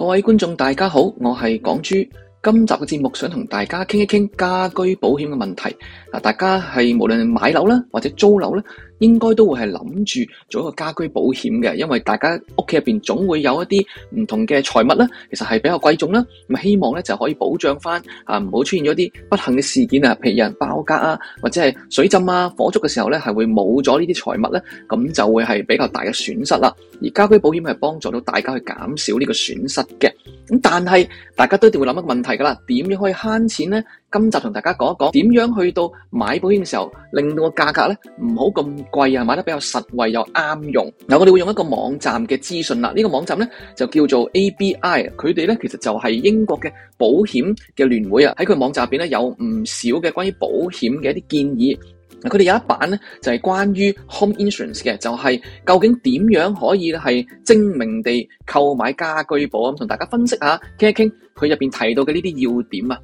各位觀眾大家好，我係港豬。今集嘅節目想同大家傾一傾家居保險嘅問題。嗱，大家係無論係買樓啦，或者租樓啦。應該都會係諗住做一個家居保險嘅，因為大家屋企入邊總會有一啲唔同嘅財物啦，其實係比較貴重啦，咁希望咧就可以保障翻，啊唔好出現咗啲不幸嘅事件啊，譬如有人爆格啊，或者係水浸啊、火燭嘅時候咧，係會冇咗呢啲財物咧，咁就會係比較大嘅損失啦。而家居保險係幫助到大家去減少呢個損失嘅，咁但係大家都一定會諗一個問題㗎啦，點樣可以慳錢咧？今集同大家講一講點樣去到買保險嘅時候，令到個價格咧唔好咁貴啊，買得比較實惠又啱用。嗱，我哋會用一個網站嘅資訊啦。呢個網站咧就叫做 ABI，佢哋咧其實就係英國嘅保險嘅聯會啊。喺佢網站入邊咧有唔少嘅關於保險嘅一啲建議。嗱，佢哋有一版咧就係關於 home insurance 嘅，就係究竟點樣可以係精明地購買家居保，咁同大家分析下，傾一傾佢入邊提到嘅呢啲要點啊。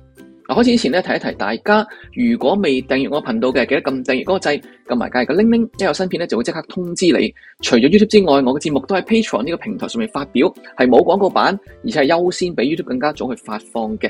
嗱，開始之前咧，提一提大家，如果未訂閱我頻道嘅，記得撳訂閱嗰個掣，撳埋隔籬嘅鈴鈴，一有新片咧就會即刻通知你。除咗 YouTube 之外，我嘅節目都喺 Patreon 呢個平台上面發表，係冇廣告版，而且係優先比 YouTube 更加早去發放嘅。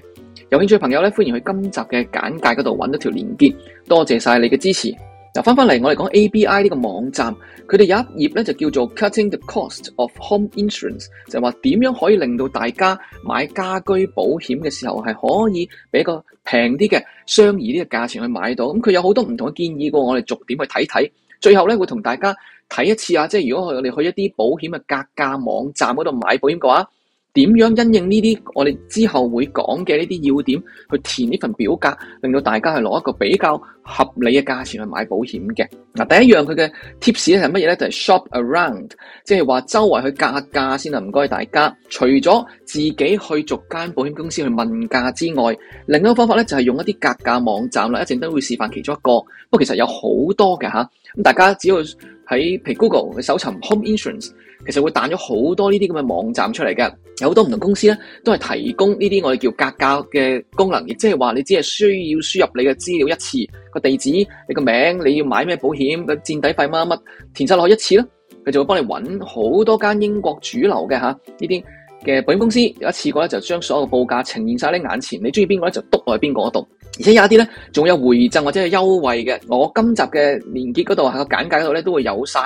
有興趣嘅朋友咧，歡迎去今集嘅簡介嗰度揾一條連結。多謝晒你嘅支持。嗱，翻返嚟，我嚟講 ABI 呢個網站，佢哋有一頁咧就叫做 Cutting the Cost of Home Insurance，就係話點樣可以令到大家買家居保險嘅時候係可以俾個平啲嘅相宜啲嘅價錢去買到，咁佢有好多唔同嘅建議喎，我哋逐點去睇睇，最後呢會同大家睇一次啊！即係如果我哋去一啲保險嘅格價網站嗰度買保險嘅話。點樣因應呢啲？我哋之後會講嘅呢啲要點去填呢份表格，令到大家去攞一個比較合理嘅價錢去買保險嘅。嗱，第一樣佢嘅 tips 係乜嘢呢？就係 shop around，即係話周圍去格價先啦，唔該大家。除咗自己去逐間保險公司去問價之外，另一個方法呢，就係用一啲格價網站啦。一陣都會示範其中一個。不過其實有好多嘅吓，咁大家只要喺譬如 Google 去搜尋 home insurance。其實會彈咗好多呢啲咁嘅網站出嚟嘅，有好多唔同公司咧都係提供呢啲我哋叫格價嘅功能，亦即係話你只係需要輸入你嘅資料一次，個地址、你個名、你要買咩保險、個墊底費乜乜，填晒落去一次咧，佢就會幫你揾好多間英國主流嘅吓呢啲嘅保險公司，有一次過咧就將所有報價呈現晒喺你眼前，你中意邊個咧就督落去邊個度。而且有一啲咧，仲有回贈或者係優惠嘅。我今集嘅連結嗰度，喺個簡介嗰度咧都會有晒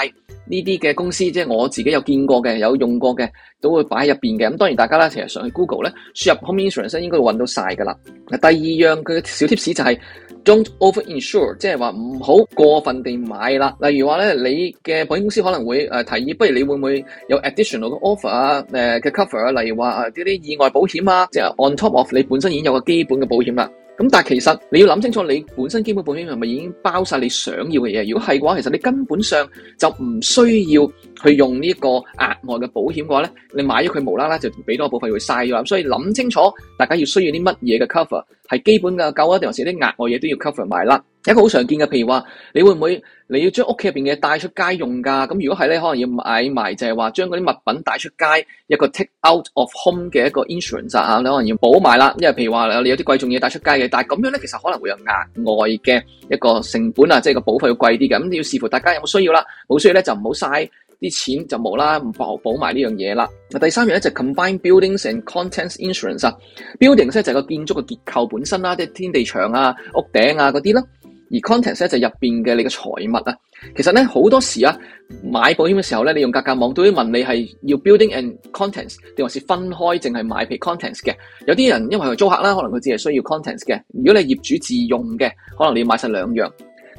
呢啲嘅公司，即係我自己有見過嘅、有用過嘅，都會擺喺入面嘅。咁當然大家咧，成日上去 Google 咧輸入 home insurance 應該會搵到晒噶啦。第二樣佢嘅小貼士就係 don't over insure，即係話唔好過分地買啦。例如話咧，你嘅保險公司可能會提議，不如你會唔會有 additional 嘅 offer 啊？嘅 cover 啊，例如話啲啲意外保險啊，即係 on top of 你本身已經有個基本嘅保險啦。咁但係其實你要諗清楚，你本身基本保險係咪已經包晒你想要嘅嘢？如果係嘅話，其實你根本上就唔需要去用呢一個額外嘅保險嘅話咧，你買咗佢無啦啦就俾多個部分會嘥咗啦。所以諗清楚，大家要需要啲乜嘢嘅 cover。係基本嘅夠啦，定係啲額外嘢都要 cover 埋啦。一個好常見嘅，譬如話，你會唔會你要將屋企入邊嘅帶出街用噶？咁如果係咧，可能要買埋，就係話將嗰啲物品帶出街一個 take out of home 嘅一個 insurance 啊，你可能要保埋啦。因為譬如話你有啲貴重嘢帶出街嘅，但係咁樣咧，其實可能會有額外嘅一個成本啊，即係個保費會貴啲嘅。咁你要視乎大家有冇需要啦，冇需要咧就唔好嘥。啲錢就冇啦，唔保保埋呢樣嘢啦。第三樣咧就係 combine buildings and contents insurance 啊。building 呢，就係個建築嘅結構本身啦，即係天地牆啊、屋頂啊嗰啲啦。而 contents 咧就係入面嘅你嘅財物啊。其實咧好多時啊，買保險嘅時候咧，你用格價網都會問你係要 building and contents 定還是分開淨係買皮 contents 嘅。有啲人因為佢租客啦，可能佢只係需要 contents 嘅。如果你係業主自用嘅，可能你要買晒兩樣。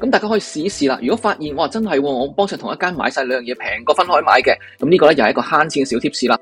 咁大家可以試一試啦。如果發現我話真係，我幫襯同一間買晒兩樣嘢平過分開買嘅，咁、這、呢個咧又係一個慳錢嘅小貼士啦。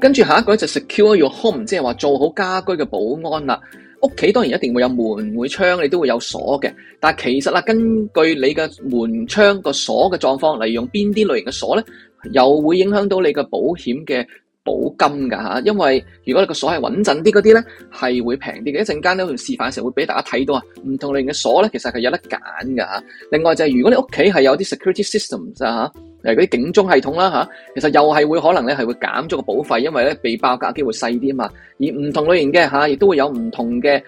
跟住下一個就係 secure your home，即係話做好家居嘅保安啦。屋企當然一定會有門、會窗，你都會有鎖嘅。但係其實啦，根據你嘅門窗個鎖嘅狀況，嚟用邊啲類型嘅鎖呢，又會影響到你嘅保險嘅。保金噶吓，因為如果你個鎖係穩陣啲嗰啲咧，係會平啲嘅。一陣間咧，我哋示範嘅時候會俾大家睇到啊。唔同類型嘅鎖咧，其實係有得揀㗎。吓。另外就係、是、如果你屋企係有啲 security systems 啊，誒嗰啲警鐘系統啦吓、啊，其實又係會可能咧係會減咗個保費，因為咧被爆嘅機會細啲嘛。而唔同類型嘅吓，亦、啊、都會有唔同嘅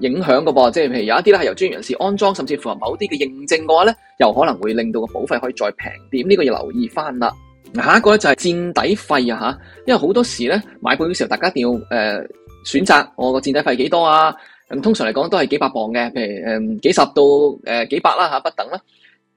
影響噶噃。即係譬如有一啲咧係由專業人士安裝，甚至乎係某啲嘅認證嘅話咧，又可能會令到個保費可以再平啲。呢、這個要留意翻啦。下一個咧就係墊底費啊吓，因為好多時咧買保險嘅時候，大家一定要誒、呃、選擇我個墊底費幾多啊？咁通常嚟講都係幾百磅嘅，譬如誒、呃、幾十到誒、呃、幾百啦吓不等啦。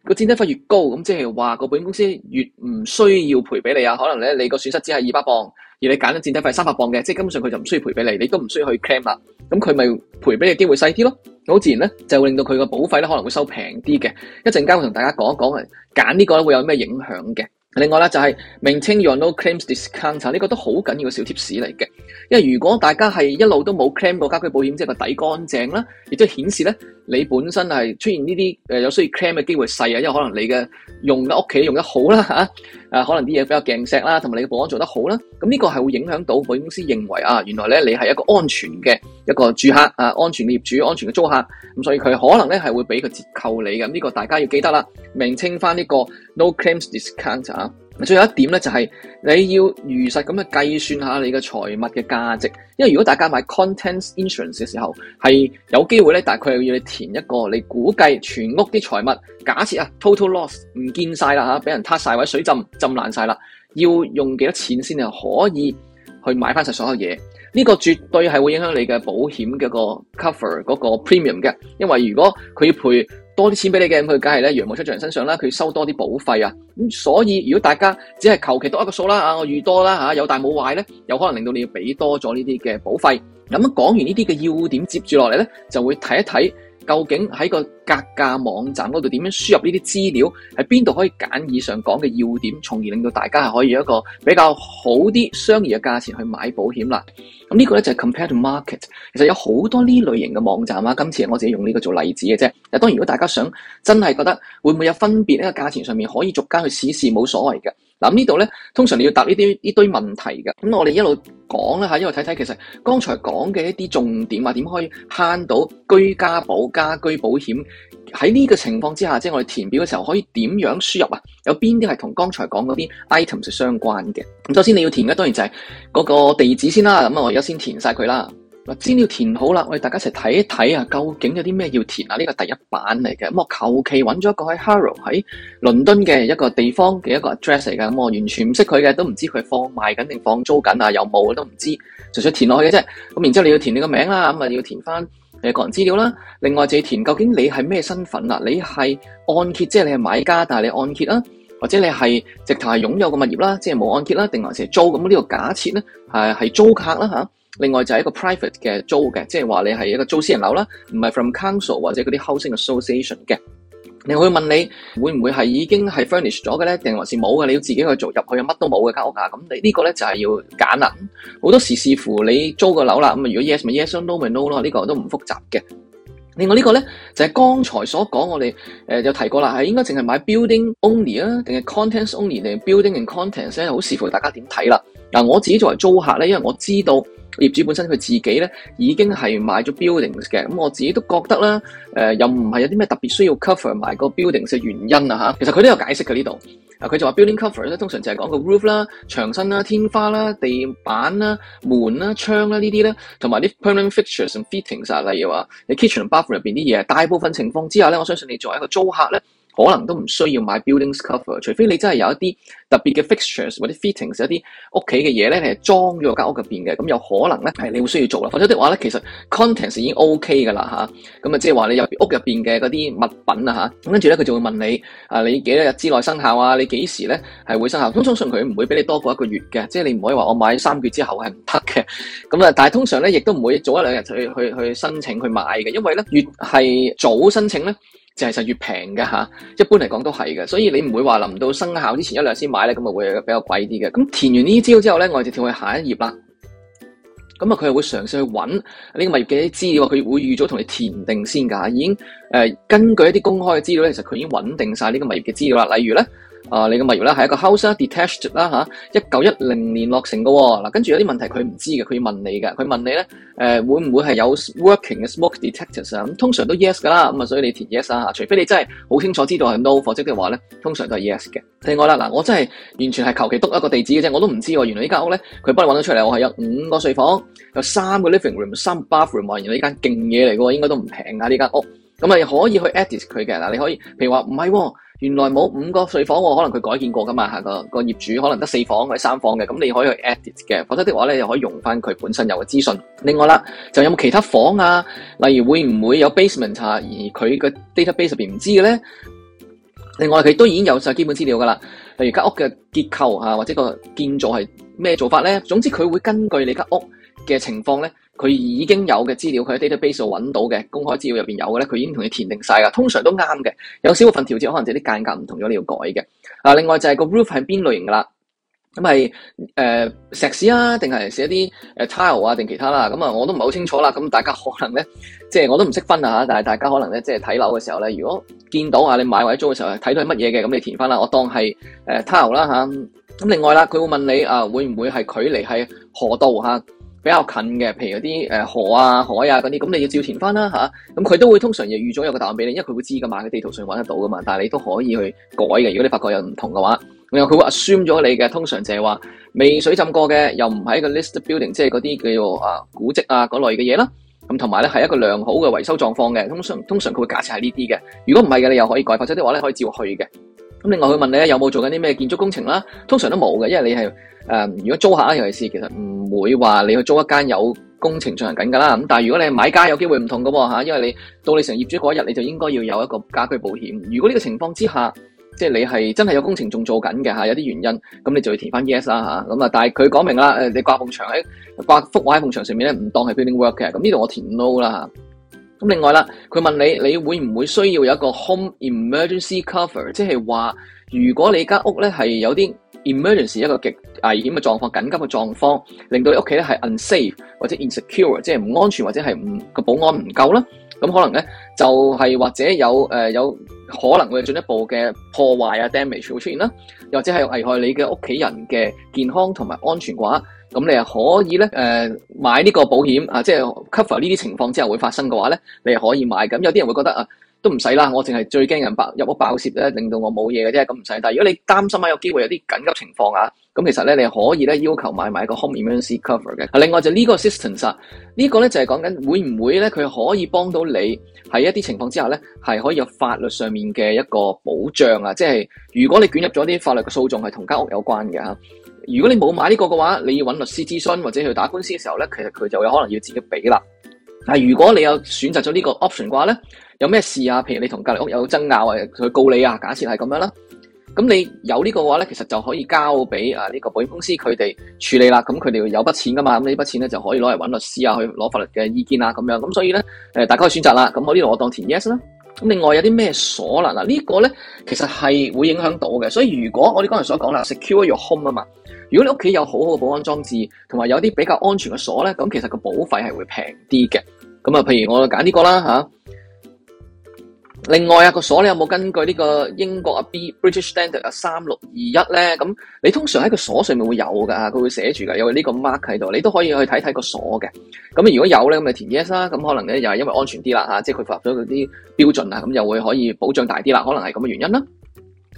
個墊底費越高，咁即係話個保險公司越唔需要賠俾你啊。可能咧你個損失只係二百磅，而你揀咗個墊底費三百磅嘅，即係根本上佢就唔需要賠俾你，你都唔需要去 claim 啦。咁佢咪賠俾你嘅機會細啲咯。好自然咧就會令到佢個保費咧可能會收平啲嘅。一陣間會同大家講一講，揀呢個咧會有咩影響嘅。另外咧就係 maintain Your No Claims Discount 呢個都好緊要嘅小貼士嚟嘅，因為如果大家係一路都冇 claim 過家居保險，即係個底乾淨啦，亦都顯示咧。你本身係出現呢啲有需要 claim 嘅機會細啊，因為可能你嘅用喺屋企用得好啦吓啊可能啲嘢比較鏡石啦，同埋你嘅保安做得好啦，咁呢個係會影響到保險公司認為啊，原來咧你係一個安全嘅一個住客啊，安全嘅業主、安全嘅租客，咁所以佢可能咧係會俾佢折扣你嘅，呢個大家要記得啦，明稱翻呢個 no claims discount 啊。最後一點咧，就係、是、你要如實咁去計算下你嘅財物嘅價值，因為如果大家買 contents insurance 嘅時候，係有機會咧，大概要你填一個你估計全屋啲財物，假設啊 total loss 唔見晒啦嚇，俾、啊、人撻晒位水浸浸爛晒啦，要用幾多錢先至可以去買翻晒所有嘢？呢、這個絕對係會影響你嘅保險嘅個 cover 嗰個 premium 嘅，因為如果佢要賠。多啲錢俾你嘅，咁佢梗係咧，羊毛出在人身上啦，佢收多啲保費啊。咁所以如果大家只係求其多一個數啦，啊，我預多啦嚇，有大冇壞咧，有可能令到你要俾多咗呢啲嘅保費。咁講完呢啲嘅要點，接住落嚟咧，就會睇一睇。究竟喺個格價網站嗰度點樣輸入呢啲資料？喺邊度可以揀以上講嘅要點，從而令到大家係可以有一個比較好啲商業嘅價錢去買保險啦。咁呢個咧就係 Compare the Market。其實有好多呢類型嘅網站啊，今次我自己用呢個做例子嘅啫。嗱，當然如果大家想真係覺得會唔會有分別呢、這個價錢上面，可以逐間去試試冇所謂嘅。嗱，咁呢度咧，通常你要答呢啲呢堆問題嘅。咁我哋一路講啦吓，一路睇睇其實剛才講嘅一啲重點啊，點可以慳到居家保家居保險？喺呢個情況之下，即係我哋填表嘅時候，可以點樣輸入啊？有邊啲係同剛才講嗰啲 items 相關嘅？咁首先你要填嘅，當然就係嗰個地址先啦。咁我而家先填晒佢啦。嗱，資料填好啦，我哋大家一齊睇一睇啊，究竟有啲咩要填啊？呢個第一版嚟嘅，咁我求其揾咗一個喺 Harrow 喺倫敦嘅一個地方嘅一個 address 嚟嘅，咁我完全唔識佢嘅，都唔知佢放賣緊定放租緊啊，有冇都唔知，隨隨填落去嘅啫。咁然之後你要填你個名啦，咁啊要填翻誒個人資料啦，另外就要填究竟你係咩身份啦？你係按揭，即係你係買家，但係你係按揭啦，或者你係直頭係擁有嘅物業啦，即係冇按揭啦，定還是租咁？呢個假設咧係租客啦。另外就係一個 private 嘅租嘅，即係話你係一個租私人樓啦，唔係 from council 或者嗰啲 housing association 嘅。你會問你會唔會係已經係 furnished 咗嘅咧？定還是冇嘅？你要自己去做入去有乜都冇嘅交屋架咁。你呢個咧就係要揀啦。好多時視乎你租個樓啦。咁啊，如果 yes 咪 yes no 咪 no 咯。呢個都唔複雜嘅。另外呢個咧就係剛才所講，我哋誒有提過啦，係應該淨係買 building only 啊，定係 contents only 定係 building and contents 咧，好視乎大家點睇啦。嗱、呃，我自己作為租客咧，因為我知道。業主本身佢自己咧已經係買咗 buildings 嘅，咁我自己都覺得啦、呃，又唔係有啲咩特別需要 cover 埋個 buildings 嘅原因啊嚇。其實佢都有解釋嘅呢度，啊佢就話 building cover 咧通常就係講個 roof 啦、牆身啦、天花啦、地板啦、門啦、窗啦呢啲咧，同埋啲 permanent fixtures and fittings 啊，例如話你 kitchen and bathroom 入面啲嘢，大部分情況之下咧，我相信你作為一個租客咧。可能都唔需要買 buildings cover，除非你真係有一啲特別嘅 fixtures 或者 fittings，一啲屋企嘅嘢咧係裝咗喺間屋入面嘅，咁有可能咧係你會需要做啦。否則的話咧，其實 contents 已經 OK 噶啦吓，咁啊，即係話你入屋入面嘅嗰啲物品啊吓，咁跟住咧佢就會問你啊，你幾多日之內生效啊？你幾時咧係會生效？通常信佢唔會俾你多過一個月嘅，即係你唔可以話我買三個月之後係唔得嘅。咁啊，但係通常咧亦都唔會早一兩日去去去申請去買嘅，因為咧越係早申請咧。就係實越平嘅嚇，一般嚟講都係嘅，所以你唔會話臨到生效之前一兩先買咧，咁啊會比較貴啲嘅。咁填完呢啲資料之後咧，我哋就跳去下一頁啦。咁啊，佢又會嘗試去揾呢個物業嘅啲資料，佢會預早同你填定先㗎。已經誒、呃，根據一啲公開嘅資料咧，其實佢已經穩定晒呢個物業嘅資料啦。例如咧。啊！你嘅物業呢係一個 house detached 啦嚇，一九一零年落成嘅、哦。嗱，跟住有啲問題佢唔知嘅，佢要問你嘅。佢問你咧，誒、呃、會唔會係有 working 嘅 smoke detectors 啊？咁、嗯、通常都 yes 噶啦。咁、嗯、啊，所以你填 yes 啊。除非你真係好清楚知道係 no，否則嘅話咧，通常都係 yes 嘅。另外啦，嗱、啊，我真係完全係求其篤一個地址嘅啫，我都唔知喎。原來呢間屋咧，佢幫你搵到出嚟，我係有五個睡房，有三個 living room、三 bathroom，哇、啊！原來呢間勁嘢嚟喎，應該都唔平啊。呢間屋。咁啊，嗯、你可以去 edit 佢、啊、嘅嗱，你可以，譬如話唔係。原來冇五個睡房，喎，可能佢改建過噶嘛，個個業主可能得四房或者三房嘅。咁你可以去 edit 嘅，否則的話咧，又可以用翻佢本身有嘅資訊。另外啦，就有冇其他房啊？例如會唔會有 basement 啊？而佢個 database 入邊唔知嘅咧？另外佢都已經有晒基本資料噶啦，例如間屋嘅結構啊，或者個建造係咩做法咧？總之佢會根據你間屋嘅情況咧。佢已經有嘅資料，佢喺 database 度揾到嘅公開資料入邊有嘅咧，佢已經同你填定晒噶，通常都啱嘅。有少部份調節，可能就啲間隔唔同咗，你要改嘅。啊，另外就係個 roof 係邊類型㗎啦，咁係誒石屎啊，定係寫啲 tile 啊，定其他啦。咁啊，我都唔係好清楚啦。咁大家可能咧，即係我都唔識分啊嚇。但係大家可能咧，即係睇樓嘅時候咧，如果見到啊，你買或者租嘅時候睇到係乜嘢嘅，咁你填翻啦。我當係 tile 啦、啊、咁、啊、另外啦，佢會問你啊，會唔會係距離係河道嚇？啊比較近嘅，譬如嗰啲、呃、河啊、海啊嗰啲，咁、嗯、你要照填翻啦吓。咁佢都會通常亦預咗有個答案俾你，因為佢會知噶嘛，喺地圖上揾得到噶嘛。但你都可以去改嘅，如果你發覺有唔同嘅話，咁、嗯、佢會 assume 咗你嘅，通常就係話未水浸過嘅，又唔係一個 list building，即係嗰啲叫做啊古蹟啊嗰類嘅嘢啦。咁同埋咧係一個良好嘅維修狀況嘅，通常通常佢會假設係呢啲嘅。如果唔係嘅，你又可以改或者啲話咧可以照去嘅。另外佢問你咧有冇做緊啲咩建築工程啦？通常都冇嘅，因為你係誒、呃、如果租客，尤其是，其實唔會話你去租一間有工程進行緊嘅啦。咁但係如果你係買家有機會唔同嘅喎，因為你到你成業主嗰一日你就應該要有一個家居保險。如果呢個情況之下，即係你係真係有工程仲做緊嘅嚇，有啲原因咁你就會填翻 yes 啦嚇。咁啊，但係佢講明啦誒，你掛埲牆喺掛幅畫喺埲牆上面咧，唔當係 building work 嘅。咁呢度我填 no 啦。咁另外啦，佢問你，你會唔會需要有一個 home emergency cover，即係話如果你間屋咧係有啲 emergency 一個極危險嘅狀況、緊急嘅狀況，令到你屋企咧係 unsafe 或者 insecure，即係唔安全或者係唔個保安唔夠啦，咁可能咧就係、是、或者有誒、呃、有可能會進一步嘅破壞啊 damage 會出現啦，又或者係危害你嘅屋企人嘅健康同埋安全嘅話。咁你又可以咧，誒、呃、買呢個保險啊，即、就、係、是、cover 呢啲情況之下會發生嘅話咧，你係可以買。咁有啲人會覺得啊，都唔使啦，我淨係最驚人入爆入屋爆竊咧，令到我冇嘢嘅啫，咁唔使。但如果你擔心啊，有機會有啲緊急情況啊，咁、啊、其實咧你係可以咧要求買埋個 home emergency cover 嘅、啊。另外就呢個 assistance，啊這個、呢個 assistance，就是、呢個咧就係講緊會唔會咧佢可以幫到你喺一啲情況之下咧係可以有法律上面嘅一個保障啊，即、就、係、是、如果你捲入咗啲法律嘅訴訟係同間屋有關嘅嚇。啊。如果你冇買呢個嘅話，你要揾律師諮詢或者去打官司嘅時候咧，其實佢就有可能要自己俾啦。但如果你有選擇咗呢個 option 嘅話咧，有咩事啊？譬如你同隔離屋有爭拗啊，佢告你啊，假設係咁樣啦，咁你有呢個嘅話咧，其實就可以交俾啊呢個保險公司佢哋處理啦。咁佢哋會有筆錢噶嘛，咁呢筆錢咧就可以攞嚟揾律師啊，去攞法律嘅意見啊，咁樣咁所以咧誒，大家可以選擇啦。咁我呢度我當填 yes 啦。咁另外有啲咩鎖啦？嗱、這個、呢個咧其實係會影響到嘅。所以如果我哋剛才所講啦，secure your home 啊嘛，如果你屋企有好好嘅保安裝置，同埋有啲比較安全嘅鎖咧，咁其實個保費係會平啲嘅。咁啊，譬如我揀呢個啦嚇。另外啊，個鎖你有冇根據呢個英國啊 B British Standard 啊三六二一咧？咁你通常喺個鎖上面會有㗎，佢會寫住㗎，有呢個 mark 喺度，你都可以去睇睇個鎖嘅。咁如果有咧，咁就填 yes 啦。咁可能咧又係因為安全啲啦，吓，即係佢符合咗嗰啲標準啊，咁又會可以保障大啲啦。可能係咁嘅原因啦。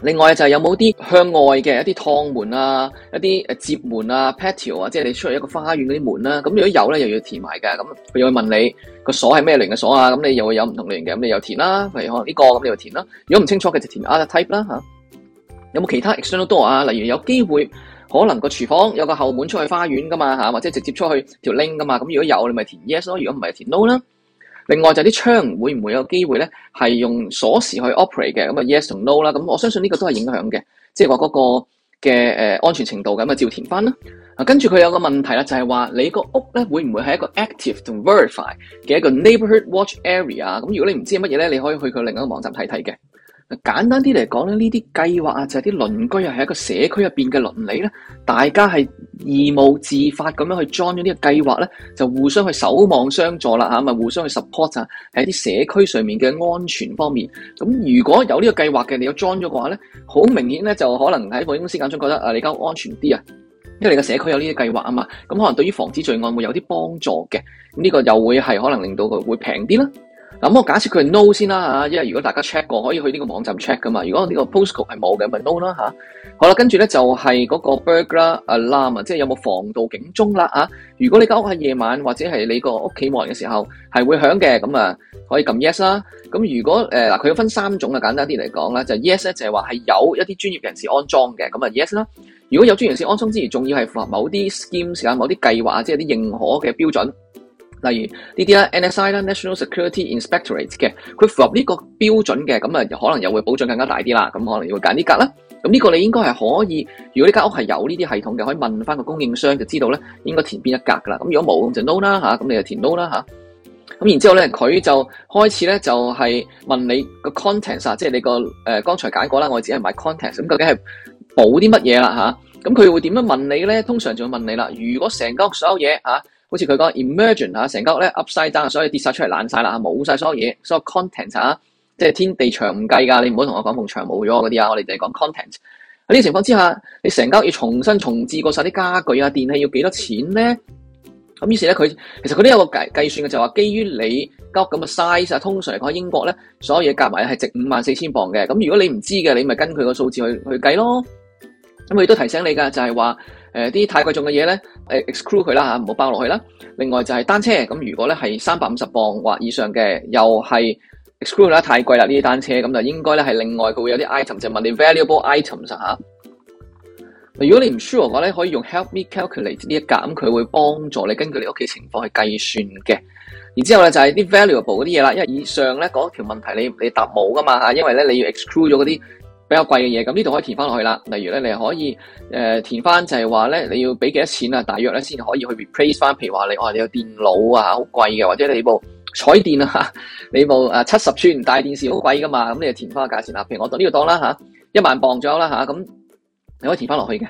另外就係有冇啲向外嘅一啲趟門啊，一啲接門啊、patio 啊，即係你出去一個花園嗰啲門啦、啊。咁如果有咧，又要填埋嘅。咁佢又會問你個鎖係咩類型嘅鎖啊？咁你又會有唔同類型嘅，咁你又填啦。譬如可能呢個咁，你又填啦。如果唔清楚嘅就填 other type 啦、啊、有冇其他 external door 啊？例如有機會可能個廚房有個後門出去花園噶嘛、啊、或者直接出去條 link 噶嘛。咁如果有你咪填 yes 咯，如果唔係填 no 啦。另外就啲窗會唔會有機會咧，係用鎖匙去 operate 嘅咁啊？Yes 同 No 啦，咁我相信呢個都係影響嘅，即係話嗰個嘅誒安全程度嘅咁啊，照填翻啦。啊，跟住佢有個問題啦，就係話你個屋咧會唔會係一個 active 同 verify 嘅一個 neighbourhood watch area？咁如果你唔知乜嘢咧，你可以去佢另一個網站睇睇嘅。簡單啲嚟講咧，呢啲計劃啊，就係啲鄰居啊，係一個社區入面嘅鄰里咧，大家係義務自發咁樣去 join 咗呢個計劃咧，就互相去守望相助啦吓，咁互相去 support 啊，喺啲社區上面嘅安全方面。咁如果有呢個計劃嘅，你有 join 咗嘅話咧，好明顯咧，就可能喺保險公司眼中覺得啊，你間屋安全啲啊，因為你個社區有呢啲計劃啊嘛，咁可能對於防止罪案會有啲幫助嘅，咁呢個又會係可能令到佢會平啲啦。咁我假設佢係 no 先啦吓，因為如果大家 check 過，可以去呢個網站 check 噶嘛。如果呢個 postcode 係冇嘅，咪 no 啦吓，好啦，跟住咧就係嗰個 burglar alarm 啊，即係有冇防盜警鐘啦吓。如果你間屋喺夜晚或者係你個屋企冇人嘅時候，係會響嘅，咁啊可以撳 yes 啦。咁如果誒嗱，佢、呃、有分三種啊，簡單啲嚟講啦，就是、yes 咧就係話係有一啲專業人士安裝嘅，咁啊 yes 啦。如果有專業人士安裝之餘，仲要係符合某啲 scheme 啊，某啲計劃啊，即係啲認可嘅標準。例如呢啲啦 NSI 啦，National Security Inspectorate 嘅，佢符合呢個標準嘅，咁啊可能又會保障更加大啲啦，咁可能要揀呢格啦。咁呢個你應該係可以，如果呢間屋係有呢啲系統嘅，可以問翻個供應商就知道咧，應該填邊一格噶啦。咁如果冇就 no 啦嚇，咁你就填 no 啦嚇。咁然之後咧，佢就開始咧就係問你個 contents 啊，即係你個誒剛才揀過啦，我只係買 contents，咁究竟係保啲乜嘢啦嚇？咁、啊、佢會點樣問你咧？通常就會問你啦，如果成間屋所有嘢好似佢講，emergent 啊成間屋咧 Upside down，所以跌曬出嚟爛晒啦，冇晒所有嘢，所有 content 啊即係天地牆唔計㗎，你唔好同我講埲牆冇咗嗰啲啊，我哋就係講 content 喺呢個情況之下，你成間屋要重新重置過晒啲家具啊電器要幾多錢咧？咁、嗯、於是咧，佢其實佢都有個計算嘅，就係、是、話基於你間屋咁嘅 size，通常嚟講英國咧，所有嘢夾埋係值五萬四千磅嘅。咁、嗯、如果你唔知嘅，你咪跟佢個數字去去計咯。咁佢都提醒你㗎，就係話啲太貴重嘅嘢咧。誒，exclude 佢啦吓，唔好包落去啦。另外就係單車，咁如果咧係三百五十磅或以上嘅，又係 exclude 啦，太貴啦呢啲單車，咁就應該咧係另外佢會有啲 item，就問你 valuable items 吓。如果你唔 sure 嘅話咧，可以用 help me calculate 呢一格，咁佢會幫助你根據你屋企情況去計算嘅。然之後咧就係啲 valuable 嗰啲嘢啦，因為以上咧嗰條問題你你答冇噶嘛吓，因為咧你要 exclude 咗嗰啲。比較貴嘅嘢，咁呢度可以填翻落去啦。例如咧，你可以誒、呃、填翻，就係話咧你要俾幾多錢啊？大約咧先可以去 replace 翻，譬如話你話，哦，你有電腦啊，好貴嘅，或者你部彩電啊吓，你部誒七十寸大電視好貴噶嘛，咁你就填翻個價錢啦。譬如我呢度當啦吓，一萬磅左右啦吓，咁，啊，你可以填翻落去嘅。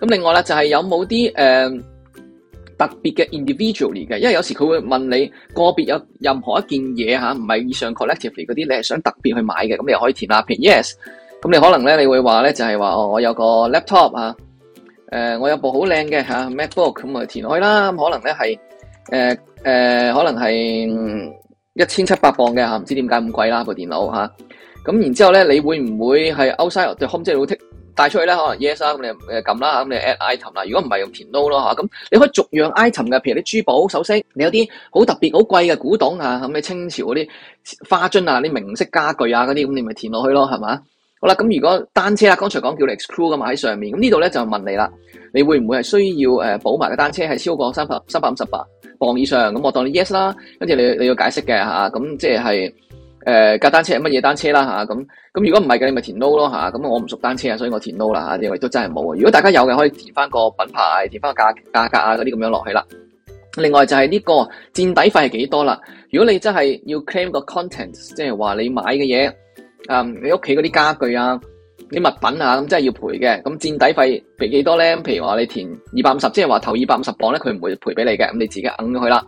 咁另外咧就係，是，有冇啲誒特別嘅 individually 嘅，因為有時佢會問你個別有任何一件嘢吓，唔，啊，係以上 collectively 嗰啲，你係想特別去買嘅，咁你又可以填啦。譬如 yes。咁你可能咧，你會話咧，就係話哦，我有個 laptop 啊，誒，我有部好靚嘅吓 MacBook，咁咪填落去啦。咁可能咧係，誒誒，可能係一千七百磅嘅吓，唔知點解咁貴啦部電腦吓。咁然之後咧，你會唔會係 outside the home 即係會剔帶出去咧？可能 yes 啊，咁你咁撳啦，咁你 add item 啦。如果唔係，用填 no 咯吓。咁你可以逐樣 item 嘅，譬如啲珠寶首飾，你有啲好特別好貴嘅古董啊，咁你清朝嗰啲花樽啊，啲明式家具啊嗰啲，咁你咪填落去咯，係嘛？好啦，咁如果單車啦，剛才講叫你 exclude 噶嘛，喺上面，咁呢度咧就問你啦，你會唔會係需要誒保埋嘅單車係超過三百三百五十八磅以上？咁我當你 yes 啦，跟住你你要解釋嘅，咁即係誒架單車係乜嘢單車啦，咁咁如果唔係嘅，你咪填 no 咯、啊、嚇，咁我唔熟單車啊，所以我填 no 啦、啊、因為都真係冇。如果大家有嘅，可以填翻個品牌，填翻個價格啊嗰啲咁樣落去啦。另外就係、這個、呢個墊底費係幾多啦？如果你真係要 claim 個 content，即係話你買嘅嘢。啊、嗯！你屋企嗰啲家具啊，啲物品啊，咁真係要賠嘅。咁墊底費賠幾多咧？譬如話你填二百五十，即係話投二百五十磅咧，佢唔會賠俾你嘅。咁你自己揞咗佢啦。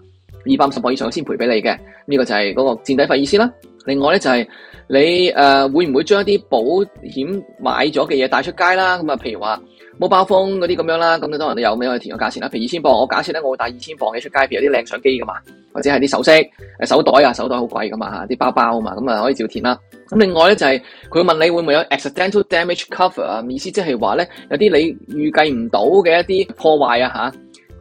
二百五十磅以上先賠俾你嘅。呢個就係嗰個墊底費意思啦。另外咧就係、是、你誒、呃、會唔會將一啲保險買咗嘅嘢帶出街啦？咁啊，譬如話。冇包封嗰啲咁樣啦，咁你當然你有咩可以填個價錢啦。譬如二千磅，我假設咧，我會帶二千磅去出街，譬如有啲靚相機噶嘛，或者係啲首飾、誒手袋啊，手袋好貴噶嘛吓，啲包包啊嘛，咁啊可以照填啦。咁另外咧就係、是、佢問你會唔會有 accidental damage cover 啊？意思即係話咧，有啲你預計唔到嘅一啲破壞啊吓。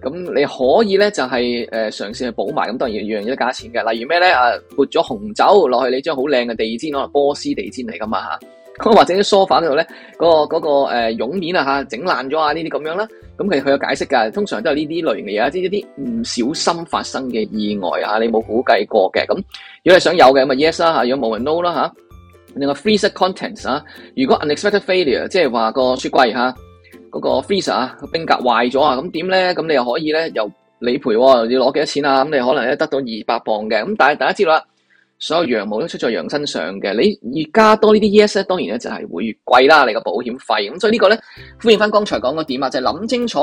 咁你可以咧就係誒嘗試去補埋，咁當然要樣嘢價錢嘅。例如咩咧啊？潑咗紅酒落去你張好靚嘅地毯啊，波斯地毯嚟噶嘛吓咁或者啲梳化嗰度咧，嗰、嗰個嗰、嗰個、呃、絨面啊嚇整爛咗啊，呢啲咁樣啦，咁其實佢佢有解釋噶，通常都係呢啲類型嘅嘢，即係一啲唔小心發生嘅意外啊，你冇估計過嘅，咁如果你想有嘅咁啊 yes 啦嚇，如果冇咪、yes，啊、no 啦、啊、嚇、啊。另外 freezer contents 啊，如果 unexpected failure 即係話個雪櫃嚇嗰、啊嗰個 freezer 啊冰格壞咗啊，咁點咧？咁你又可以咧又理賠喎，哦、你要攞幾多錢啊？咁你可能咧得到二百磅嘅，咁但係大家知道啦。所有羊毛都出在羊身上嘅，你越加多呢啲 yes 咧，當然咧就係會越貴啦，你個保險費。咁所以個呢個咧，呼應返剛才講嘅點啊，就係、是、諗清楚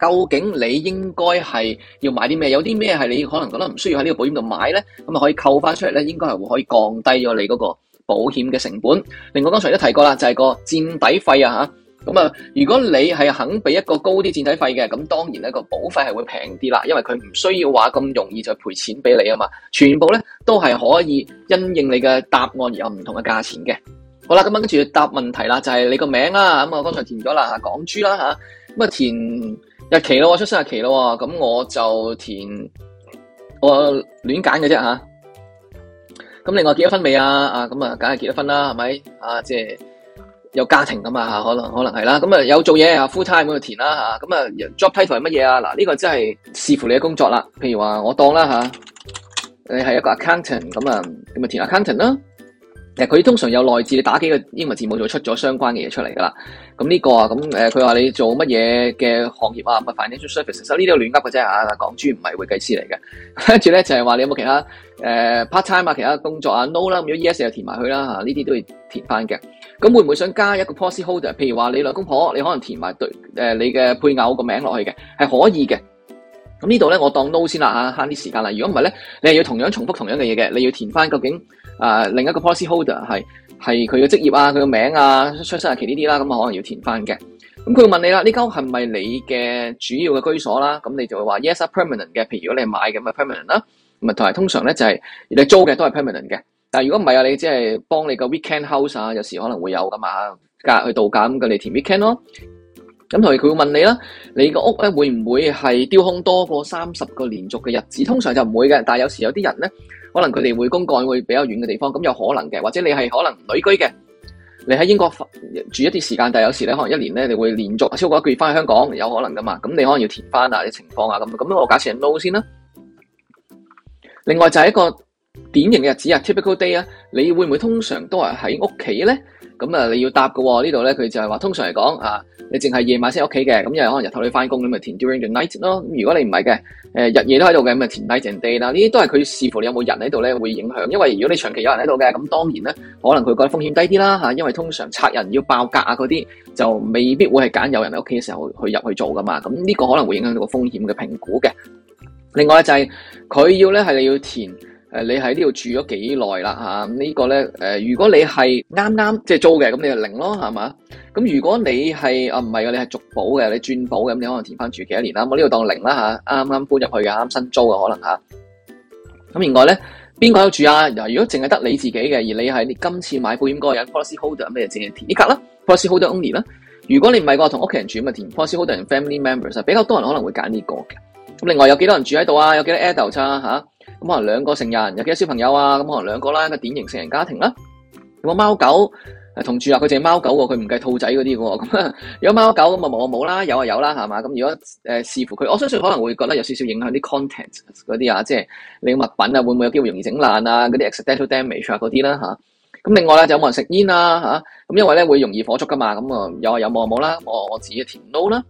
究竟你應該係要買啲咩，有啲咩係你可能覺得唔需要喺呢個保險度買咧，咁啊可以扣翻出嚟咧，應該係會可以降低咗你嗰個保險嘅成本。另外剛才都提過啦，就係、是、個墊底費啊吓。咁啊，如果你係肯俾一個高啲墊底費嘅，咁當然呢個保費係會平啲啦，因為佢唔需要話咁容易就賠錢俾你啊嘛，全部咧都係可以因應你嘅答案而有唔同嘅價錢嘅。好啦，咁啊跟住答問題啦，就係你個名啦，咁啊我剛才填咗啦，港豬啦吓，咁啊填日期咯，出生日期咯，咁我就填我亂揀嘅啫吓。咁另外結咗婚未啊？啊咁啊梗係結咗婚啦，係咪啊？即係。有家庭㗎嘛，可能可能係啦。咁啊，有做嘢啊，full time 咁就填啦嚇。咁啊，job title 係乜嘢啊？嗱，呢個真係視乎你嘅工作啦。譬如話我當啦你係一個 accountant，咁啊，咁咪填 accountant 啦、啊。佢、啊、通常有內置，你打幾個英文字母就出咗相關嘅嘢出嚟噶啦。咁呢、這個啊，咁佢話你做乜嘢嘅行業啊？Financial services，所呢啲亂亂噏嘅啫嚇。港豬唔係會計師嚟嘅。跟住咧就係、是、話你有冇其他、啊、part time 啊，其他工作啊？No 啦、啊，咁如果 yes 就填埋去啦呢啲都要填翻嘅。咁會唔會想加一個 policy holder？譬如話你兩公婆，你可能填埋對誒、呃、你嘅配偶個名落去嘅，係可以嘅。咁呢度咧，我當 no 先啦嚇，慳、啊、啲時間啦。如果唔係咧，你係要同樣重複同樣嘅嘢嘅，你要填翻究竟誒、呃、另一個 policy holder 係係佢嘅職業啊，佢嘅名啊、出生日期呢啲啦，咁、嗯、啊可能要填翻嘅。咁佢會問你啦，呢間屋係咪你嘅主要嘅居所啦？咁你就會話 yes 啊，permanent 嘅。譬如如果你買嘅咪、就是、permanent 啦，咁啊同埋通常咧就係、是、你租嘅都係 permanent 嘅。但係如果唔係啊，你即係幫你個 weekend house 啊，有時可能會有噶嘛，隔去度假咁嘅，你填 weekend 咯。咁同埋佢會問你啦，你個屋咧會唔會係丟空多過三十個連續嘅日子？通常就唔會嘅，但係有時有啲人咧，可能佢哋會公幹會比較遠嘅地方，咁有可能嘅。或者你係可能旅居嘅，你喺英國住一啲時間，但係有時你可能一年咧你會連續超過一個月翻去香港，有可能噶嘛。咁你可能要填翻啊啲情況啊咁。咁我假設 no 先啦。另外就係一個。典型嘅日子啊，typical day 啊，你會唔會通常都係喺屋企咧？咁啊，你要答嘅呢度咧，佢就係話通常嚟講啊，你淨係夜晚先屋企嘅，咁又可能日頭你翻工，咁咪填 during the night 咯。如果你唔係嘅，誒、呃、日夜都喺度嘅，咁咪填低淨地 d a y 啦。呢啲都係佢視乎你有冇人喺度咧，會影響。因為如果你長期有人喺度嘅，咁當然咧可能佢覺得風險低啲啦吓。因為通常拆人要爆格啊，嗰啲就未必會係揀有人喺屋企嘅時候去入去做噶嘛。咁呢個可能會影響個風險嘅評估嘅。另外就係、是、佢要咧係你要填。誒，你喺、這個、呢度住咗幾耐啦嚇？呢個咧誒，如果你係啱啱即係租嘅，咁你就零咯，係嘛？咁如果你係啊唔係嘅，你係續保嘅，你轉保咁，你可能填翻住幾多年啦。我呢度當零啦嚇，啱啱搬入去嘅，啱新租嘅可能嚇。咁、啊、另外咧，邊個有住啊？如果淨係得你自己嘅，而你係你今次買應該保險個人 policy holder，咩淨係填呢格啦？policy holder only 啦。如果你唔係嘅話，同屋企人住咁啊填 policy holder family members，比較多人可能會揀呢個嘅。咁另外有幾多人住喺度啊？有幾多 adult 差嚇？可能兩個成人，有幾多小朋友啊？咁可能兩個啦，一個典型成人家庭啦。有冇貓狗？係同住啊？佢淨係貓狗喎，佢唔計兔仔嗰啲噶。咁如果貓狗咁啊冇啊冇啦，有啊有啦，係嘛？咁如果誒、呃、視乎佢，我相信可能會覺得有少少影響啲 content 嗰啲啊，即係你物品啊，會唔會有機會容易整爛 damage，啊？嗰啲 accidental damage 啊嗰啲啦吓。咁另外咧，就有冇人食煙啊？吓咁因為咧會容易火燭噶嘛。咁啊有啊有冇啊冇啦，我我自己填 no 啦。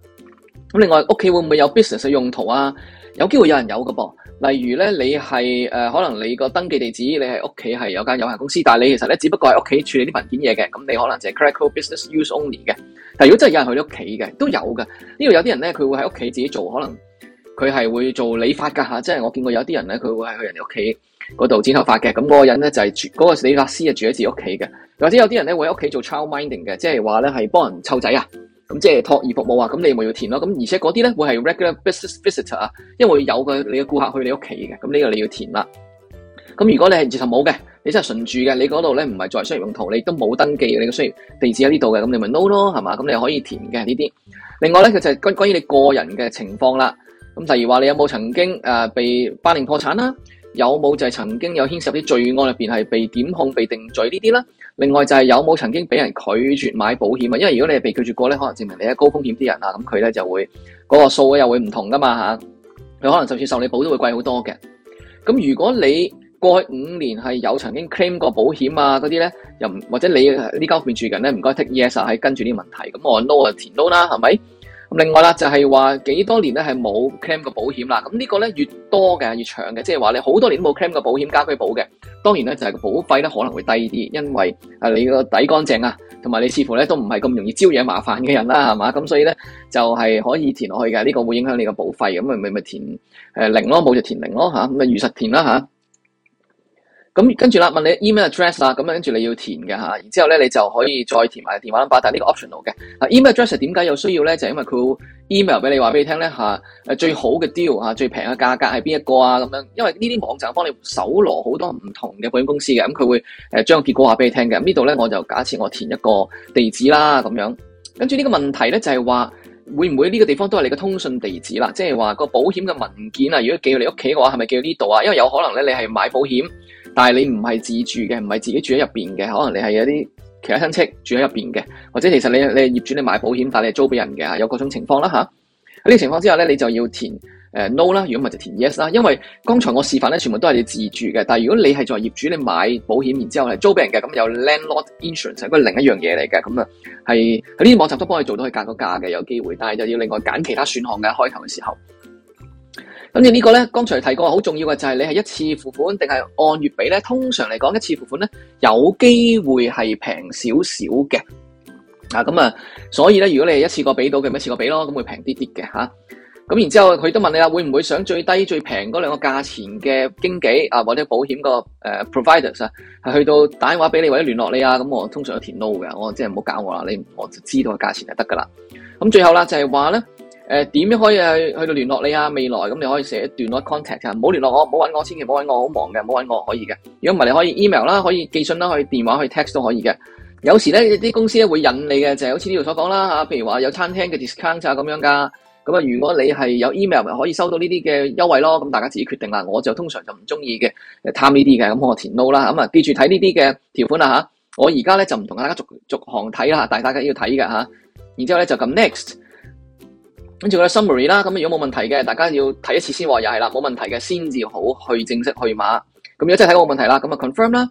咁另外屋企會唔會有 business 用途啊？有機會有人有噶噃。例如咧，你係誒，可能你個登記地址，你係屋企係有間有限公司，但係你其實咧，只不過係屋企處理啲文件嘢嘅，咁你可能就係 critical business use only 嘅。但如果真係有人去你屋企嘅，都有噶。有呢度有啲人咧，佢會喺屋企自己做，可能佢係會做理髮噶吓，即、啊、係、就是、我見過有啲人咧，佢會係去人哋屋企嗰度剪頭髮嘅，咁、那、嗰個人咧就係、是、住嗰、那個理髮師啊住喺自己屋企嘅，或者有啲人咧會喺屋企做 child minding 嘅，即係話咧係幫人湊仔啊。咁即係托兒服務啊，咁你咪要填咯。咁而且嗰啲咧會係 regular business visitor 啊，因為有個你嘅顧客去你屋企嘅，咁呢個你要填啦。咁如果你係自頭冇嘅，你真係純住嘅，你嗰度咧唔係作為商業用途，你都冇登記你嘅商業地址喺呢度嘅，咁你咪 no 咯，係嘛？咁你可以填嘅呢啲。另外咧，佢就關關於你個人嘅情況啦。咁例如話，你有冇曾經誒、呃、被頒令破產啦？有冇就係曾經有牽涉啲罪案入邊係被檢控被定罪這些呢啲啦？另外就係有冇曾經俾人拒絕買保險啊？因為如果你係被拒絕過咧，可能證明你係高風險啲人他、那個、啊，咁佢咧就會嗰個數又會唔同噶嘛嚇。佢可能就算受理保都會貴好多嘅。咁如果你過去五年係有曾經 claim 過保險啊嗰啲咧，又或者你屋面住人呢間入邊最近咧唔該剔 e yes 喺、啊、跟住啲個問題，咁我 no 就填 no 啦，係咪？另外啦，就係、是、話幾多年咧係冇 claim 嘅保險啦，咁、這個、呢個咧越多嘅越長嘅，即係話你好多年都冇 claim 嘅保險家居保嘅，當然咧就係、是、保費咧可能會低啲，因為啊你個底乾淨啊，同埋你似乎咧都唔係咁容易招惹麻煩嘅人啦，係嘛，咁 所以咧就係、是、可以填落去嘅，呢、這個會影響你個保費，咁咪咪咪填誒零咯，冇就填零咯吓，咁咪、啊、如實填啦吓。啊咁跟住啦，問你 email address 啦，咁樣跟住你要填嘅吓，然之後咧你就可以再填埋電話 number，但呢個 optional 嘅。啊，email address 點解有需要咧？就係因為佢會 email 俾你話俾你聽咧吓，誒最好嘅 deal 吓，最平嘅價格係邊一個啊？咁樣，因為呢啲網站幫你搜羅好多唔同嘅保險公司嘅，咁佢會誒將結果話俾你聽嘅。呢度咧我就假設我填一個地址啦，咁樣。跟住呢個問題咧就係話，會唔會呢個地方都係你嘅通訊地址啦？即係話個保險嘅文件啊，如果寄到你屋企嘅話，係咪寄到呢度啊？因為有可能咧你係買保險。但係你唔係自住嘅，唔係自己住喺入邊嘅，可能你係有啲其他親戚住喺入邊嘅，或者其實你你係業主，你買保險，但你係租俾人嘅，有各種情況啦嚇。喺呢個情況之下呢，你就要填誒、呃、no 啦，如果唔係就填 yes 啦。因為剛才我示範呢，全部都係你自住嘅，但係如果你係作為業主，你買保險然之後係租俾人嘅，咁有 landlord insurance，個另一樣嘢嚟嘅，咁啊係喺呢啲網站都幫你做到去格個價嘅有機會，但係就要另外揀其他選項嘅開頭嘅時候。咁你呢個咧，剛才提過好重要嘅就係你係一次付款定係按月俾咧？通常嚟講，一次付款咧，有機會係平少少嘅。啊，咁啊，所以咧，如果你係一次過俾到，嘅，咪一次過俾咯，咁會平啲啲嘅吓。咁、啊、然之後佢都問你啊，會唔會想最低最平嗰兩個價錢嘅經紀啊，或者保險個誒、呃、providers 啊，係去到打電話俾你或者聯絡你啊？咁我通常都填 no 嘅，我即係唔好搞我啦，你我就知道個價錢就得噶啦。咁、啊、最後啦，就係話咧。誒點樣可以去去到聯絡你啊？未來咁你可以寫一段 contact 啊，唔好聯絡我，唔好揾我，千祈唔好揾我，好忙嘅，唔好揾我可以嘅。如果唔係，你可以 email 啦，可以寄信啦，可以電話，可以 text 都可以嘅。有時咧啲公司咧會引你嘅，就係、好似呢度所講啦嚇，譬如話有餐廳嘅 discount 啊咁樣噶。咁、嗯、啊，如果你係有 email 咪可以收到呢啲嘅優惠咯。咁、嗯、大家自己決定啦。我就通常就唔中意嘅貪呢啲嘅。咁、嗯、我填 n、no、啦。咁、嗯、啊，記住睇呢啲嘅條款啦吓、啊，我而家咧就唔同大家逐逐行睇啦，啊、但大家要睇嘅吓，然之後咧就撳 next。跟住佢 summary 啦，咁如果冇問題嘅，大家要睇一次先話，又係啦，冇問題嘅先至好去正式去買。咁如果真係睇到冇問題啦，咁啊 confirm 啦，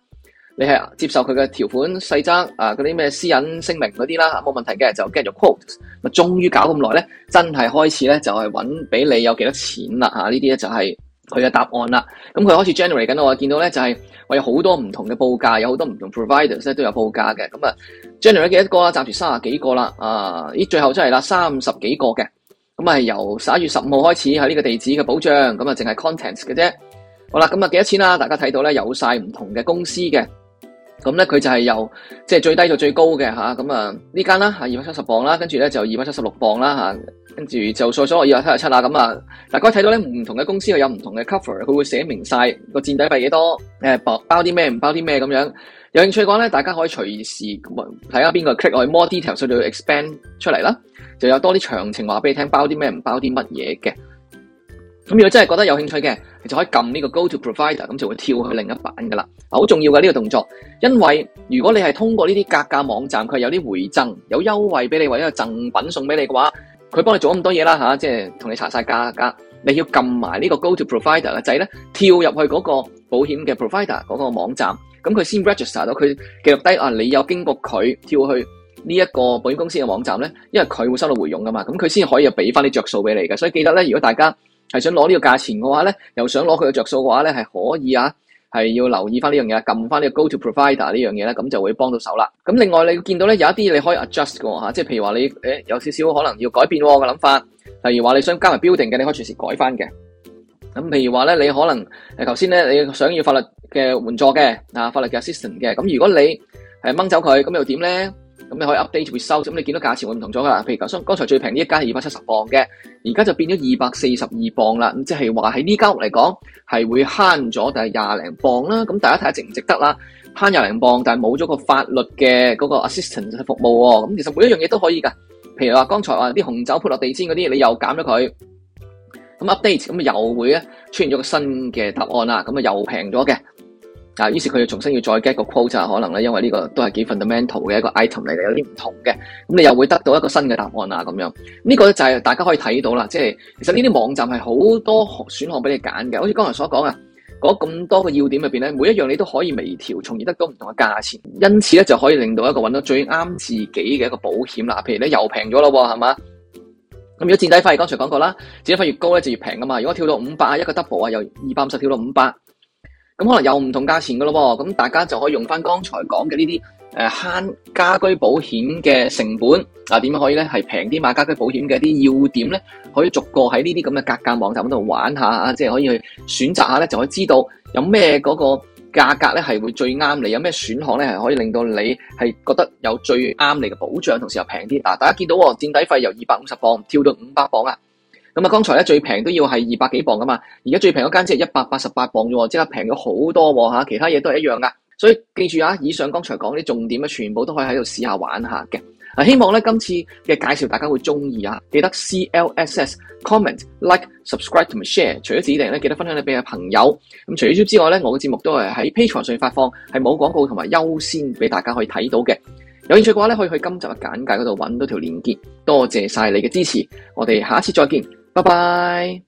你係接受佢嘅條款細則啊，嗰啲咩私隱聲明嗰啲啦，冇問題嘅就繼續 quote。咪終於搞咁耐咧，真係開始咧就係揾俾你有幾多錢啦嚇，呢啲咧就係佢嘅答案啦。咁佢開始 generate 緊我見到咧就係我有好多唔同嘅報價，有好多唔同 providers 咧都有報價嘅。咁啊 generate 幾多個啦？暫時三十幾個啦，啊咦最後真係啦三十幾個嘅。咁啊，由十一月十五號開始喺呢個地址嘅保障，咁啊，淨係 contents 嘅啫。好啦，咁啊，幾多錢啦大家睇到咧，有晒唔同嘅公司嘅。咁咧，佢就係由即係最低到最高嘅吓。咁啊，呢間啦，吓二百七十磅啦，跟住咧就二百七十六磅啦，吓，跟住就數數落二百七十七啦。咁啊，大家睇到咧，唔同嘅公司有唔同嘅 cover，佢會寫明晒個墊底費幾多，誒，包包啲咩，唔包啲咩，咁樣。有興趣嘅話咧，大家可以隨時睇下邊個 click 我去 more details，所以要 expand 出嚟啦，就有多啲詳情話俾你聽，包啲咩唔包啲乜嘢嘅。咁如果真係覺得有興趣嘅，你就可以撳呢個 go to provider，咁就會跳去另一版噶啦。好重要嘅呢個動作，因為如果你係通過呢啲格價網站，佢係有啲回贈、有優惠俾你，或者有贈品送俾你嘅話，佢幫你做咁多嘢啦吓，即係同你查晒價格，你要撳埋呢個 go to provider 嘅掣咧，跳入去嗰個保險嘅 provider 嗰個網站。咁佢先 register 到，佢記錄低啊，你有經過佢跳去呢一個保險公司嘅網站咧，因為佢會收到回傭噶嘛，咁佢先可以俾翻啲着數俾你嘅。所以記得咧，如果大家係想攞呢個價錢嘅話咧，又想攞佢嘅着數嘅話咧，係可以啊，係要留意翻呢樣嘢，撳翻呢個 Go to Provider 呢樣嘢咧，咁就會幫到手啦。咁另外你見到咧，有一啲你可以 adjust 嘅嚇、啊，即係譬如話你、欸、有少少可能要改變嘅、啊、我諗法，例如話你想加埋 building 嘅，你可以隨時改翻嘅。咁譬如話咧，你可能誒，頭先咧，你想要法律嘅援助嘅，啊，法律嘅 assistant 嘅，咁如果你係掹走佢，咁又點咧？咁你可以 update 會收，咁你見到價錢會唔同咗噶。譬如頭先剛才最平呢一間係二百七十磅嘅，而家就變咗二百四十二磅啦。咁即係話喺呢間屋嚟講係會慳咗，但係廿零磅啦。咁大家睇下值唔值得啦？慳廿零磅，但係冇咗個法律嘅嗰個 assistant 嘅服務喎。咁其實每一樣嘢都可以噶。譬如話剛才話啲紅酒潑落地氈嗰啲，你又減咗佢。咁 update 咁又會咧出現咗個新嘅答案啦，咁啊又平咗嘅，啊於是佢要重新要再 get 個 quote 可能咧，因為呢個都係幾 n d a m e n t a l 嘅一個 item 嚟嘅，有啲唔同嘅，咁你又會得到一個新嘅答案啊，咁樣呢、這個咧就係大家可以睇到啦，即係其實呢啲網站係好多選項俾你揀嘅，好似剛才所講啊，嗰咁多個要點入邊咧，每一樣你都可以微調，從而得到唔同嘅價錢，因此咧就可以令到一個揾到最啱自己嘅一個保險啦，譬如咧又平咗咯喎，係嘛？咁如果墊底費，剛才講過啦，墊底費越高咧就越平噶嘛。如果跳到五百啊，一個 double 啊，由二百五十跳到五百，咁可能又唔同價錢噶咯喎。咁大家就可以用翻剛才講嘅呢啲誒慳家居保險嘅成本啊，點樣可以咧係平啲買家居保險嘅啲要點咧？可以逐個喺呢啲咁嘅格價網站度玩下啊，即係可以去選擇下咧，就可以知道有咩嗰個。價格咧係會最啱你，有咩選項咧係可以令到你係覺得有最啱你嘅保障，同時又平啲。嗱、啊，大家見到喎、哦，墊底費由二百五十磅跳到五百磅啊！咁啊，剛才咧最平都要係二百幾磅噶嘛，而家最平嗰間只係一百八十八磅啫喎，即刻平咗好多喎、啊、其他嘢都係一樣噶，所以記住啊，以上剛才講啲重點咧，全部都可以喺度試下玩下嘅。嗱，希望咧今次嘅介紹大家會中意啊！記得 CLSS comment like subscribe to share。除咗指定咧，記得分享你俾嘅朋友。咁除咗之外咧，我嘅節目都係喺 Patreon 上發放，係冇廣告同埋優先俾大家可以睇到嘅。有興趣嘅話咧，可以去今集嘅簡介嗰度搵到條連結。多謝晒你嘅支持，我哋下一次再見，拜拜。